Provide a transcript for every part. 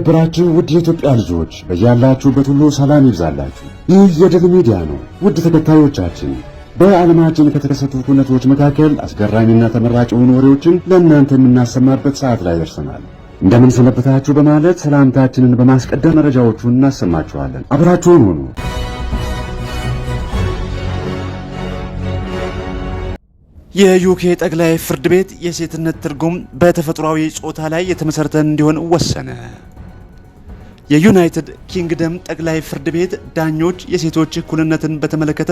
የተከበራችሁ ውድ የኢትዮጵያ ልጆች በያላችሁበት ሁሉ ሰላም ይብዛላችሁ። ይህ የድል ሚዲያ ነው። ውድ ተከታዮቻችን በዓለማችን ከተከሰቱ ሁነቶች መካከል አስገራሚና ተመራጭ የሆኑ ወሬዎችን ለእናንተ የምናሰማበት ሰዓት ላይ ደርሰናል። እንደምን ሰነበታችሁ በማለት ሰላምታችንን በማስቀደም መረጃዎቹን እናሰማችኋለን። አብራችሁን ሆኑ። የዩኬ ጠቅላይ ፍርድ ቤት የሴትነት ትርጉም በተፈጥሯዊ ጾታ ላይ የተመሰረተ እንዲሆን ወሰነ። የዩናይትድ ኪንግደም ጠቅላይ ፍርድ ቤት ዳኞች የሴቶች እኩልነትን በተመለከተ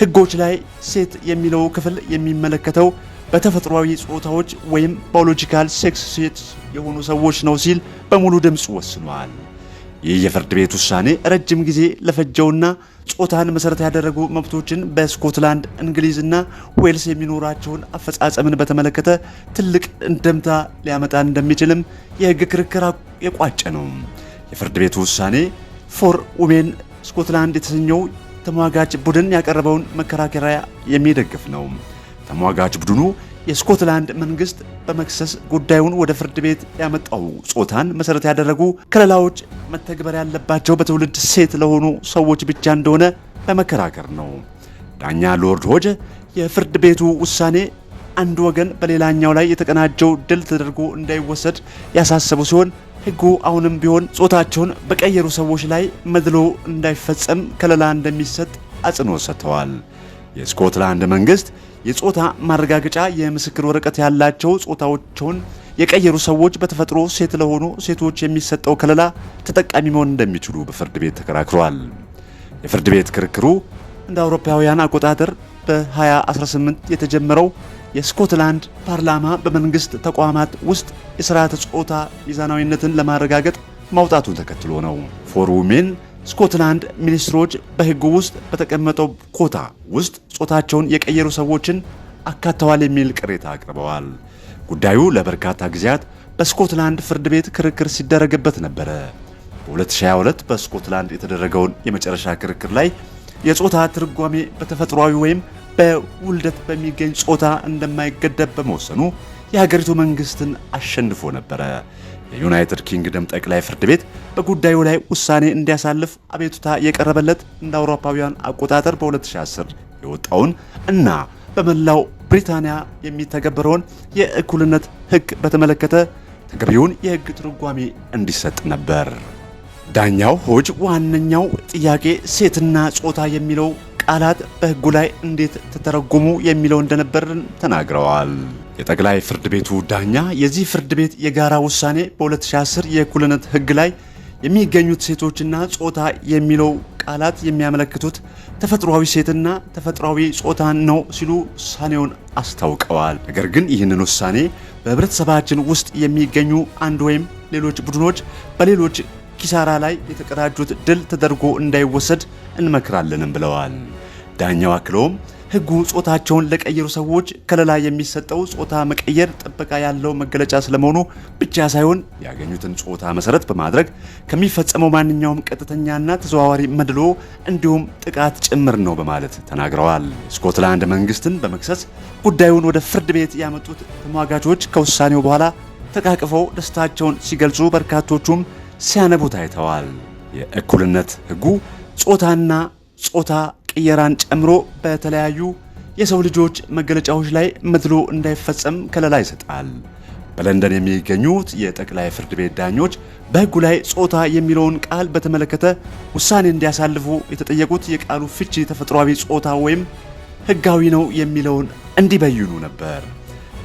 ሕጎች ላይ ሴት የሚለው ክፍል የሚመለከተው በተፈጥሯዊ ጾታዎች ወይም ባዮሎጂካል ሴክስ ሴት የሆኑ ሰዎች ነው ሲል በሙሉ ድምፅ ወስኗል። ይህ የፍርድ ቤት ውሳኔ ረጅም ጊዜ ለፈጀውና ጾታን መሰረት ያደረጉ መብቶችን በስኮትላንድ እንግሊዝና ዌልስ የሚኖራቸውን አፈጻጸምን በተመለከተ ትልቅ እንደምታ ሊያመጣ እንደሚችልም የህግ ክርክር የቋጨ ነው። የፍርድ ቤቱ ውሳኔ ፎር ውሜን ስኮትላንድ የተሰኘው ተሟጋች ቡድን ያቀረበውን መከራከሪያ የሚደግፍ ነው። ተሟጋች ቡድኑ የስኮትላንድ መንግስት በመክሰስ ጉዳዩን ወደ ፍርድ ቤት ያመጣው ጾታን መሰረት ያደረጉ ከለላዎች መተግበር ያለባቸው በትውልድ ሴት ለሆኑ ሰዎች ብቻ እንደሆነ በመከራከር ነው። ዳኛ ሎርድ ሆጅ የፍርድ ቤቱ ውሳኔ አንድ ወገን በሌላኛው ላይ የተቀናጀው ድል ተደርጎ እንዳይወሰድ ያሳሰቡ ሲሆን ህጉ አሁንም ቢሆን ጾታቸውን በቀየሩ ሰዎች ላይ መድሎ እንዳይፈጸም ከለላ እንደሚሰጥ አጽንኦት ሰጥተዋል። የስኮትላንድ መንግስት የጾታ ማረጋገጫ የምስክር ወረቀት ያላቸው ጾታዎቸውን የቀየሩ ሰዎች በተፈጥሮ ሴት ለሆኑ ሴቶች የሚሰጠው ከለላ ተጠቃሚ መሆን እንደሚችሉ በፍርድ ቤት ተከራክሯል። የፍርድ ቤት ክርክሩ እንደ አውሮፓውያን አቆጣጠር በ2018 የተጀመረው የስኮትላንድ ፓርላማ በመንግስት ተቋማት ውስጥ የሥርዓተ ጾታ ሚዛናዊነትን ለማረጋገጥ ማውጣቱን ተከትሎ ነው። ፎር ውሜን ስኮትላንድ ሚኒስትሮች በሕጉ ውስጥ በተቀመጠው ኮታ ውስጥ ጾታቸውን የቀየሩ ሰዎችን አካተዋል የሚል ቅሬታ አቅርበዋል። ጉዳዩ ለበርካታ ጊዜያት በስኮትላንድ ፍርድ ቤት ክርክር ሲደረግበት ነበረ። በ2022 በስኮትላንድ የተደረገውን የመጨረሻ ክርክር ላይ የጾታ ትርጓሜ በተፈጥሯዊ ወይም በውልደት በሚገኝ ጾታ እንደማይገደብ በመወሰኑ የሀገሪቱ መንግስትን አሸንፎ ነበረ። የዩናይትድ ኪንግደም ጠቅላይ ፍርድ ቤት በጉዳዩ ላይ ውሳኔ እንዲያሳልፍ አቤቱታ የቀረበለት እንደ አውሮፓውያን አቆጣጠር በ2010 የወጣውን እና በመላው ብሪታንያ የሚተገበረውን የእኩልነት ሕግ በተመለከተ ተገቢውን የሕግ ትርጓሜ እንዲሰጥ ነበር። ዳኛው ሆጅ ዋነኛው ጥያቄ ሴትና ጾታ የሚለው ቃላት በህጉ ላይ እንዴት ተተረጎሙ የሚለው እንደነበር ተናግረዋል። የጠቅላይ ፍርድ ቤቱ ዳኛ የዚህ ፍርድ ቤት የጋራ ውሳኔ በ2010 የእኩልነት ህግ ላይ የሚገኙት ሴቶችና ጾታ የሚለው ቃላት የሚያመለክቱት ተፈጥሯዊ ሴትና ተፈጥሯዊ ጾታን ነው ሲሉ ውሳኔውን አስታውቀዋል። ነገር ግን ይህንን ውሳኔ በህብረተሰባችን ውስጥ የሚገኙ አንድ ወይም ሌሎች ቡድኖች በሌሎች ኪሳራ ላይ የተቀዳጁት ድል ተደርጎ እንዳይወሰድ እንመክራለንም ብለዋል። ዳኛው አክለውም ሕጉ ጾታቸውን ለቀየሩ ሰዎች ከለላ የሚሰጠው ጾታ መቀየር ጥበቃ ያለው መገለጫ ስለመሆኑ ብቻ ሳይሆን ያገኙትን ጾታ መሰረት በማድረግ ከሚፈጸመው ማንኛውም ቀጥተኛና ተዘዋዋሪ መድሎ እንዲሁም ጥቃት ጭምር ነው በማለት ተናግረዋል። ስኮትላንድ መንግስትን በመክሰስ ጉዳዩን ወደ ፍርድ ቤት ያመጡት ተሟጋቾች ከውሳኔው በኋላ ተቃቅፈው ደስታቸውን ሲገልጹ፣ በርካቶቹም ሲያነቡ ታይተዋል። የእኩልነት ሕጉ ጾታና ጾታ ቅየራን ጨምሮ በተለያዩ የሰው ልጆች መገለጫዎች ላይ መድሎ እንዳይፈጸም ከለላ ይሰጣል። በለንደን የሚገኙት የጠቅላይ ፍርድ ቤት ዳኞች በሕጉ ላይ ጾታ የሚለውን ቃል በተመለከተ ውሳኔ እንዲያሳልፉ የተጠየቁት የቃሉ ፍቺ ተፈጥሯዊ ጾታ ወይም ሕጋዊ ነው የሚለውን እንዲበይኑ ነበር።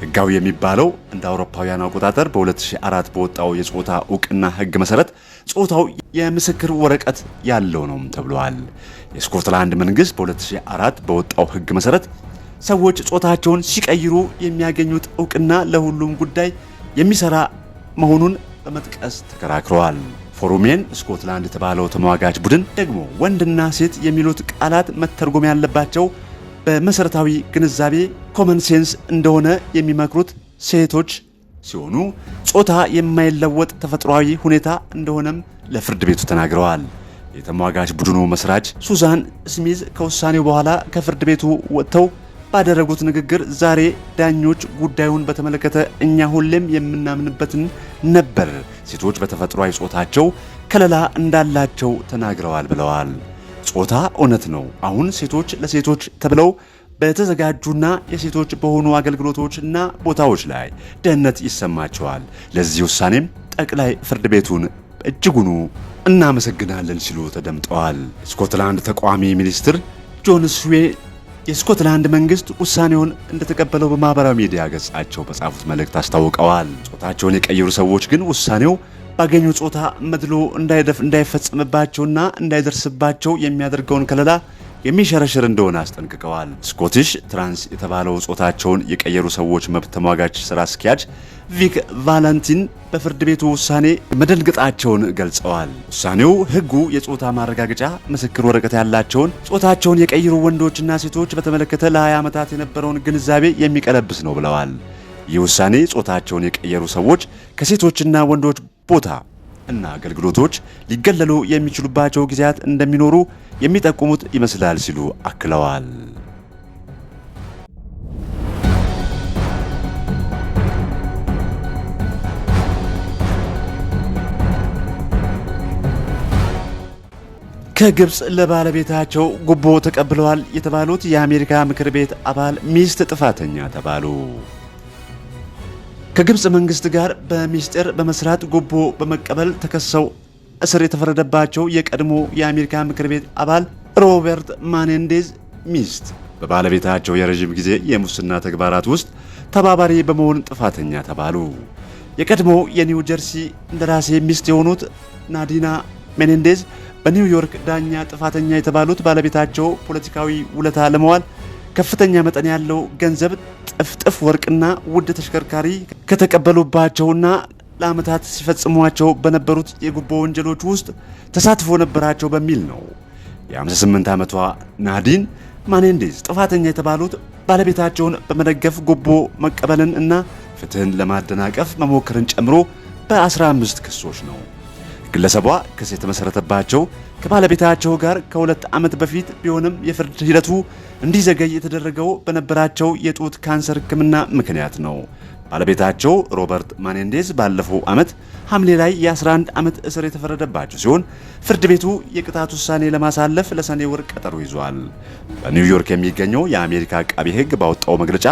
ህጋዊ የሚባለው እንደ አውሮፓውያን አቆጣጠር በ2004 በወጣው የጾታ እውቅና ህግ መሰረት ጾታው የምስክር ወረቀት ያለው ነው ተብሏል። የስኮትላንድ መንግስት በ2004 በወጣው ህግ መሰረት ሰዎች ጾታቸውን ሲቀይሩ የሚያገኙት እውቅና ለሁሉም ጉዳይ የሚሰራ መሆኑን በመጥቀስ ተከራክረዋል። ፎሩሜን ስኮትላንድ የተባለው ተሟጋች ቡድን ደግሞ ወንድና ሴት የሚሉት ቃላት መተርጎም ያለባቸው በመሰረታዊ ግንዛቤ ኮመን ሴንስ እንደሆነ የሚመክሩት ሴቶች ሲሆኑ ጾታ የማይለወጥ ተፈጥሯዊ ሁኔታ እንደሆነም ለፍርድ ቤቱ ተናግረዋል። የተሟጋች ቡድኑ መስራች ሱዛን ስሚዝ ከውሳኔው በኋላ ከፍርድ ቤቱ ወጥተው ባደረጉት ንግግር ዛሬ ዳኞች ጉዳዩን በተመለከተ እኛ ሁሌም የምናምንበትን ነበር፣ ሴቶች በተፈጥሯዊ ጾታቸው ከለላ እንዳላቸው ተናግረዋል ብለዋል። ጾታ እውነት ነው። አሁን ሴቶች ለሴቶች ተብለው በተዘጋጁና የሴቶች በሆኑ አገልግሎቶችና ቦታዎች ላይ ደህንነት ይሰማቸዋል። ለዚህ ውሳኔም ጠቅላይ ፍርድ ቤቱን እጅጉኑ እናመሰግናለን ሲሉ ተደምጠዋል። ስኮትላንድ ተቃዋሚ ሚኒስትር ጆን ስዌ የስኮትላንድ መንግስት ውሳኔውን እንደተቀበለው በማህበራዊ ሚዲያ ገጻቸው በጻፉት መልእክት አስታውቀዋል። ጾታቸውን የቀየሩ ሰዎች ግን ውሳኔው ባገኙ ጾታ መድሎ እንዳይፈጸምባቸውና እንዳይደርስባቸው የሚያደርገውን ከለላ የሚሸረሽር እንደሆነ አስጠንቅቀዋል። ስኮቲሽ ትራንስ የተባለው ጾታቸውን የቀየሩ ሰዎች መብት ተሟጋች ስራ አስኪያጅ ቪክ ቫለንቲን በፍርድ ቤቱ ውሳኔ መደንግጣቸውን ገልጸዋል። ውሳኔው ሕጉ የጾታ ማረጋገጫ ምስክር ወረቀት ያላቸውን ጾታቸውን የቀየሩ ወንዶችና ሴቶች በተመለከተ ለ20 ዓመታት የነበረውን ግንዛቤ የሚቀለብስ ነው ብለዋል። ይህ ውሳኔ ጾታቸውን የቀየሩ ሰዎች ከሴቶችና ወንዶች ቦታ እና አገልግሎቶች ሊገለሉ የሚችሉባቸው ጊዜያት እንደሚኖሩ የሚጠቁሙት ይመስላል ሲሉ አክለዋል። ከግብፅ ለባለቤታቸው ጉቦ ተቀብለዋል የተባሉት የአሜሪካ ምክር ቤት አባል ሚስት ጥፋተኛ ተባሉ። ከግብፅ መንግስት ጋር በሚስጢር በመስራት ጉቦ በመቀበል ተከሰው እስር የተፈረደባቸው የቀድሞ የአሜሪካ ምክር ቤት አባል ሮበርት ማኔንዴዝ ሚስት በባለቤታቸው የረዥም ጊዜ የሙስና ተግባራት ውስጥ ተባባሪ በመሆን ጥፋተኛ ተባሉ። የቀድሞ የኒው ጀርሲ እንደራሴ ሚስት የሆኑት ናዲና ሜኔንዴዝ በኒውዮርክ ዳኛ ጥፋተኛ የተባሉት ባለቤታቸው ፖለቲካዊ ውለታ ለመዋል ከፍተኛ መጠን ያለው ገንዘብ እጥፍ ወርቅና ውድ ተሽከርካሪ ከተቀበሉባቸውና ለዓመታት ሲፈጽሟቸው በነበሩት የጉቦ ወንጀሎች ውስጥ ተሳትፎ ነበራቸው በሚል ነው የ58 ዓመቷ ናዲን ማኔንዴዝ ጥፋተኛ የተባሉት ባለቤታቸውን በመደገፍ ጉቦ መቀበልን እና ፍትህን ለማደናቀፍ መሞከርን ጨምሮ በ15 ክሶች ነው። ግለሰቧ ክስ የተመሰረተባቸው ከባለቤታቸው ጋር ከሁለት ዓመት በፊት ቢሆንም የፍርድ ሂደቱ እንዲዘገይ የተደረገው በነበራቸው የጡት ካንሰር ሕክምና ምክንያት ነው። ባለቤታቸው ሮበርት ማኔንዴዝ ባለፈው ዓመት ሐምሌ ላይ የ11 ዓመት እስር የተፈረደባቸው ሲሆን ፍርድ ቤቱ የቅጣት ውሳኔ ለማሳለፍ ለሰኔ ወር ቀጠሮ ይዟል። በኒውዮርክ የሚገኘው የአሜሪካ አቃቢ ሕግ ባወጣው መግለጫ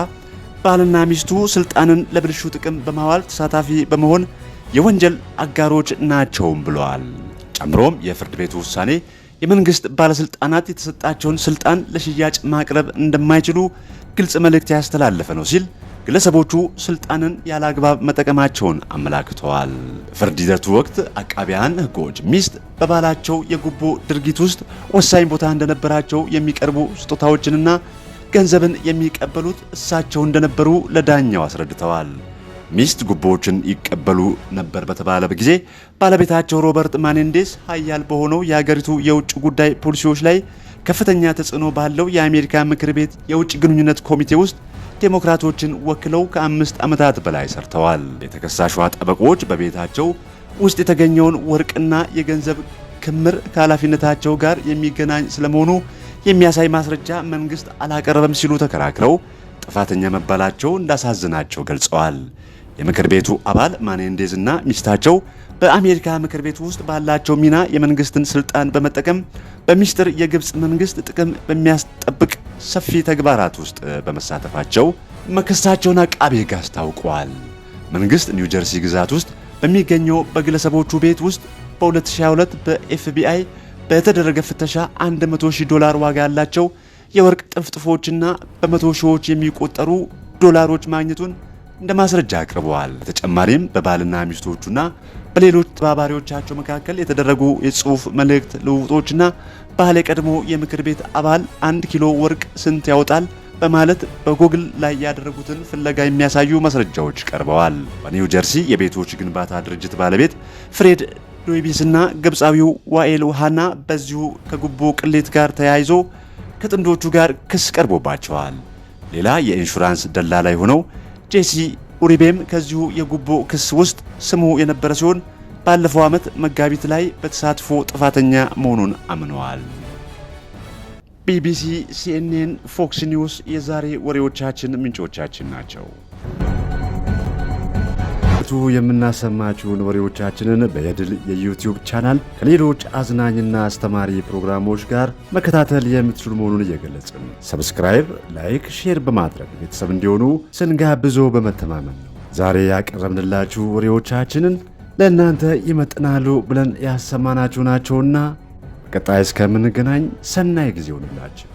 ባልና ሚስቱ ስልጣንን ለብልሹ ጥቅም በማዋል ተሳታፊ በመሆን የወንጀል አጋሮች ናቸውም ብለዋል። ጨምሮም የፍርድ ቤቱ ውሳኔ የመንግስት ባለስልጣናት የተሰጣቸውን ስልጣን ለሽያጭ ማቅረብ እንደማይችሉ ግልጽ መልእክት ያስተላለፈ ነው ሲል ግለሰቦቹ ስልጣንን ያለ አግባብ መጠቀማቸውን አመላክተዋል። ፍርድ ሂደቱ ወቅት አቃቢያን ህጎች ሚስት በባላቸው የጉቦ ድርጊት ውስጥ ወሳኝ ቦታ እንደነበራቸው የሚቀርቡ ስጦታዎችንና ገንዘብን የሚቀበሉት እሳቸው እንደነበሩ ለዳኛው አስረድተዋል። ሚስት ጉቦዎችን ይቀበሉ ነበር በተባለ ጊዜ ባለቤታቸው ሮበርት ማኔንዴስ ሀያል በሆነው የሀገሪቱ የውጭ ጉዳይ ፖሊሲዎች ላይ ከፍተኛ ተጽዕኖ ባለው የአሜሪካ ምክር ቤት የውጭ ግንኙነት ኮሚቴ ውስጥ ዴሞክራቶችን ወክለው ከአምስት ዓመታት በላይ ሰርተዋል። የተከሳሿ ጠበቆች በቤታቸው ውስጥ የተገኘውን ወርቅና የገንዘብ ክምር ከኃላፊነታቸው ጋር የሚገናኝ ስለመሆኑ የሚያሳይ ማስረጃ መንግሥት አላቀረበም ሲሉ ተከራክረው ጥፋተኛ መባላቸው እንዳሳዝናቸው ገልጸዋል። የምክር ቤቱ አባል ማኔንዴዝ እና ሚስታቸው በአሜሪካ ምክር ቤት ውስጥ ባላቸው ሚና የመንግስትን ስልጣን በመጠቀም በሚስጥር የግብፅ መንግስት ጥቅም በሚያስጠብቅ ሰፊ ተግባራት ውስጥ በመሳተፋቸው መከሳቸውን አቃቤ ሕግ አስታውቋል። መንግስት ኒውጀርሲ ግዛት ውስጥ በሚገኘው በግለሰቦቹ ቤት ውስጥ በ2022 በኤፍቢአይ በተደረገ ፍተሻ 100,000 ዶላር ዋጋ ያላቸው የወርቅ ጥፍጥፎችና በመቶ ሺዎች የሚቆጠሩ ዶላሮች ማግኘቱን እንደ ማስረጃ አቅርበዋል። በተጨማሪም በባልና ሚስቶቹና በሌሎች ተባባሪዎቻቸው መካከል የተደረጉ የጽሁፍ መልእክት ልውውጦችና ባል የቀድሞ የምክር ቤት አባል አንድ ኪሎ ወርቅ ስንት ያወጣል በማለት በጎግል ላይ ያደረጉትን ፍለጋ የሚያሳዩ ማስረጃዎች ቀርበዋል። በኒው ጀርሲ የቤቶች ግንባታ ድርጅት ባለቤት ፍሬድ ዶይቢስና ግብፃዊው ዋኤል ውሃና በዚሁ ከጉቦ ቅሌት ጋር ተያይዞ ከጥንዶቹ ጋር ክስ ቀርቦባቸዋል። ሌላ የኢንሹራንስ ደላላ የሆነው ጄሲ ኡሪቤም ከዚሁ የጉቦ ክስ ውስጥ ስሙ የነበረ ሲሆን ባለፈው ዓመት መጋቢት ላይ በተሳትፎ ጥፋተኛ መሆኑን አምነዋል። ቢቢሲ፣ ሲኤንኤን፣ ፎክስ ኒውስ የዛሬ ወሬዎቻችን ምንጮቻችን ናቸው። በየዕለቱ የምናሰማችሁን ወሬዎቻችንን በየድል የዩቲዩብ ቻናል ከሌሎች አዝናኝና አስተማሪ ፕሮግራሞች ጋር መከታተል የምትችሉ መሆኑን እየገለጽን ሰብስክራይብ፣ ላይክ፣ ሼር በማድረግ ቤተሰብ እንዲሆኑ ስንጋብዞ በመተማመን ነው ዛሬ ያቀረብንላችሁ ወሬዎቻችንን ለእናንተ ይመጥናሉ ብለን ያሰማናችሁ ናቸውና በቀጣይ እስከምንገናኝ ሰናይ ጊዜ ሆንላችሁ።